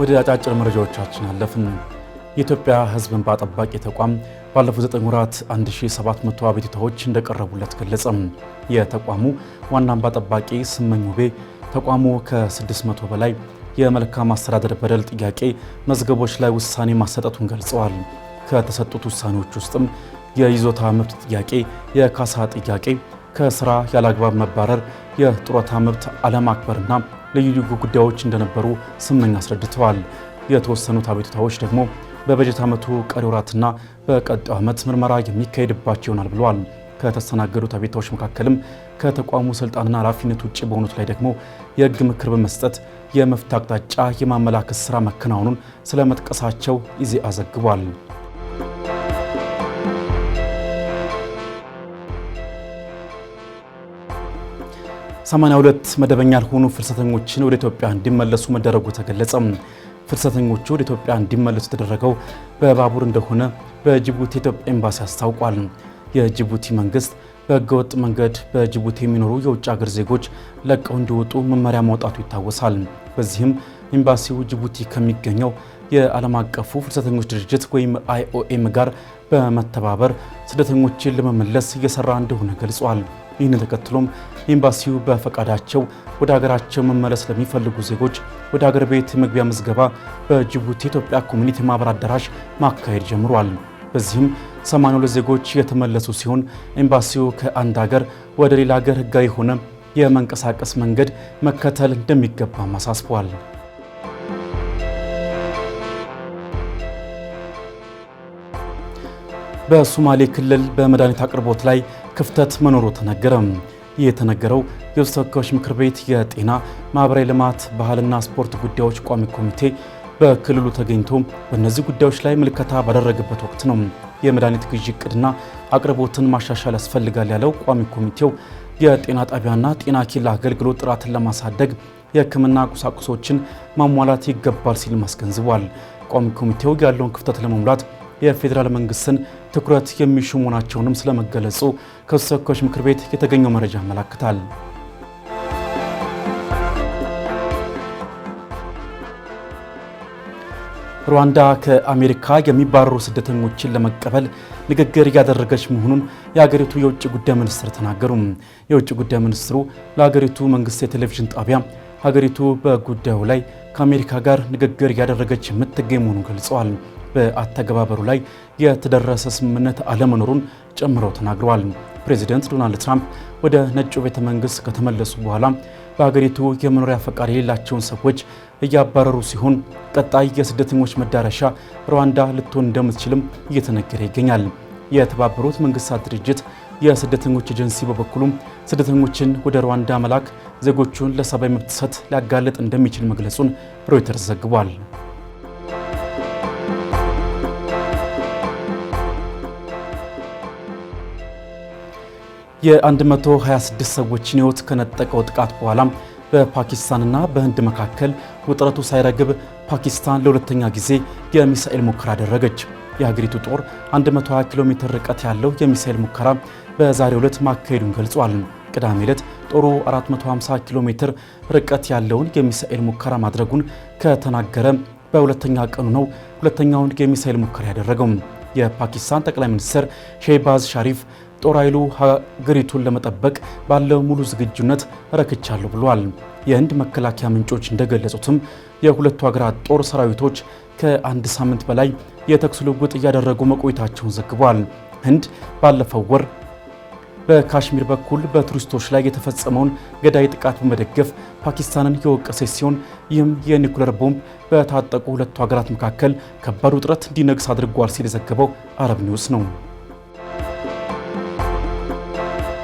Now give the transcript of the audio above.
ወደ አጫጭር መረጃዎቻችን አለፍን። የኢትዮጵያ ሕዝብ እንባ ጠባቂ ተቋም ባለፉት 9 ወራት 1700 አቤቱታዎች እንደቀረቡለት ገለጸም። የተቋሙ ዋና እንባ ጠባቂ ስመኝ ውቤ ተቋሙ ከ600 በላይ የመልካም አስተዳደር በደል ጥያቄ መዝገቦች ላይ ውሳኔ ማሰጠቱን ገልጸዋል። ከተሰጡት ውሳኔዎች ውስጥም የይዞታ መብት ጥያቄ፣ የካሳ ጥያቄ፣ ከስራ ያለአግባብ መባረር፣ የጡረታ መብት አለማክበርና ልዩ ልዩ ጉዳዮች እንደነበሩ ስመኝ አስረድተዋል። የተወሰኑት አቤቱታዎች ደግሞ በበጀት ዓመቱ ቀሪ ወራትና በቀጣዩ ዓመት ምርመራ የሚካሄድባቸው ይሆናል ብለዋል። ከተስተናገዱት አቤቱታዎች መካከልም ከተቋሙ ስልጣንና ኃላፊነት ውጭ በሆኑት ላይ ደግሞ የሕግ ምክር በመስጠት የመፍትሄ አቅጣጫ የማመላከት ስራ መከናወኑን ስለመጥቀሳቸው ኢዜአ ዘግቧል። 82 መደበኛ ያልሆኑ ፍልሰተኞችን ወደ ኢትዮጵያ እንዲመለሱ መደረጉ ተገለጸ። ፍልሰተኞቹ ወደ ኢትዮጵያ እንዲመለሱ የተደረገው በባቡር እንደሆነ በጅቡቲ የኢትዮጵያ ኤምባሲ አስታውቋል። የጅቡቲ መንግስት በህገወጥ መንገድ በጅቡቲ የሚኖሩ የውጭ ሀገር ዜጎች ለቀው እንዲወጡ መመሪያ ማውጣቱ ይታወሳል። በዚህም ኤምባሲው ጅቡቲ ከሚገኘው የዓለም አቀፉ ፍልሰተኞች ድርጅት ወይም አይኦኤም ጋር በመተባበር ስደተኞችን ለመመለስ እየሰራ እንደሆነ ገልጿል። ይህንን ተከትሎም ኤምባሲው በፈቃዳቸው ወደ ሀገራቸው መመለስ ለሚፈልጉ ዜጎች ወደ አገር ቤት መግቢያ ምዝገባ በጅቡቲ የኢትዮጵያ ኮሚኒቲ ማህበር አዳራሽ ማካሄድ ጀምሯል። በዚህም 82 ዜጎች የተመለሱ ሲሆን ኤምባሲው ከአንድ ሀገር ወደ ሌላ ሀገር ህጋዊ የሆነ የመንቀሳቀስ መንገድ መከተል እንደሚገባም አሳስቧል። በሶማሌ ክልል በመድኃኒት አቅርቦት ላይ ክፍተት መኖሩ ተነገረም። ይህ የተነገረው የሕዝብ ተወካዮች ምክር ቤት የጤና ማኅበራዊ ልማት፣ ባህልና ስፖርት ጉዳዮች ቋሚ ኮሚቴ በክልሉ ተገኝቶ በእነዚህ ጉዳዮች ላይ ምልከታ ባደረገበት ወቅት ነው። የመድኃኒት ግዢ እቅድና አቅርቦትን ማሻሻል ያስፈልጋል ያለው ቋሚ ኮሚቴው የጤና ጣቢያና ጤና ኬላ አገልግሎት ጥራትን ለማሳደግ የሕክምና ቁሳቁሶችን ማሟላት ይገባል ሲል አስገንዝቧል። ቋሚ ኮሚቴው ያለውን ክፍተት ለመሙላት የፌዴራል መንግስትን ትኩረት የሚሹ መሆናቸውንም ስለመገለጹ ከሕዝብ ምክር ቤት የተገኘው መረጃ ያመላክታል። ሩዋንዳ ከአሜሪካ የሚባረሩ ስደተኞችን ለመቀበል ንግግር እያደረገች መሆኑን የሀገሪቱ የውጭ ጉዳይ ሚኒስትር ተናገሩ። የውጭ ጉዳይ ሚኒስትሩ ለሀገሪቱ መንግስት የቴሌቪዥን ጣቢያ ሀገሪቱ በጉዳዩ ላይ ከአሜሪካ ጋር ንግግር እያደረገች የምትገኝ መሆኑን ገልጸዋል። በአተገባበሩ ላይ የተደረሰ ስምምነት አለመኖሩን ጨምሮ ተናግረዋል። ፕሬዚደንት ዶናልድ ትራምፕ ወደ ነጩ ቤተ መንግስት ከተመለሱ በኋላ በሀገሪቱ የመኖሪያ ፈቃድ የሌላቸውን ሰዎች እያባረሩ ሲሆን ቀጣይ የስደተኞች መዳረሻ ሩዋንዳ ልትሆን እንደምትችልም እየተነገረ ይገኛል። የተባበሩት መንግስታት ድርጅት የስደተኞች ኤጀንሲ በበኩሉም ስደተኞችን ወደ ሩዋንዳ መላክ ዜጎቹን ለሰብአዊ መብት ጥሰት ሊያጋለጥ እንደሚችል መግለጹን ሮይተርስ ዘግቧል። የ126 ሰዎችን ህይወት ከነጠቀው ጥቃት በኋላም በፓኪስታንና በህንድ መካከል ውጥረቱ ሳይረግብ ፓኪስታን ለሁለተኛ ጊዜ የሚሳኤል ሙከራ አደረገች። የሀገሪቱ ጦር 120 ኪሎ ሜትር ርቀት ያለው የሚሳኤል ሙከራ በዛሬው ዕለት ማካሄዱን ገልጿል። ቅዳሜ ዕለት ጦሩ 450 ኪሎ ሜትር ርቀት ያለውን የሚሳኤል ሙከራ ማድረጉን ከተናገረ በሁለተኛ ቀኑ ነው ሁለተኛውን የሚሳኤል ሙከራ ያደረገው። የፓኪስታን ጠቅላይ ሚኒስትር ሼህባዝ ሻሪፍ ጦር ኃይሉ ሀገሪቱን ለመጠበቅ ባለው ሙሉ ዝግጁነት ረክቻለሁ ብሏል። የህንድ መከላከያ ምንጮች እንደገለጹትም የሁለቱ ሀገራት ጦር ሰራዊቶች ከአንድ ሳምንት በላይ የተኩስ ልውውጥ እያደረጉ መቆየታቸውን ዘግቧል። ህንድ ባለፈው ወር በካሽሚር በኩል በቱሪስቶች ላይ የተፈጸመውን ገዳይ ጥቃት በመደገፍ ፓኪስታንን የወቀሰች ሲሆን ይህም የኒኩለር ቦምብ በታጠቁ ሁለቱ ሀገራት መካከል ከባድ ውጥረት እንዲነግስ አድርጓል ሲል የዘገበው አረብ ኒውስ ነው።